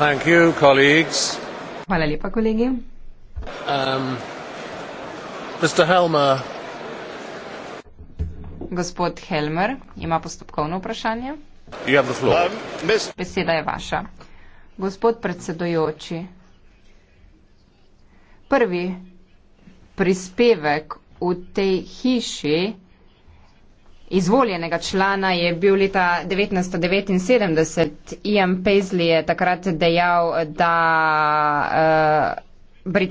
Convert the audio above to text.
Thank you, colleagues. Hvala lepa, kolegi. Um, Mr. Helmer. Gospod Helmer ima postopkovno vprašanje. Um, Beseda je vaša. Gospod predsedojoči, prvi prispevek v tej hiši izvoljenega člana je bil leta 1979. Ian Paisley je takrat dejal, da uh, eh, Britanija.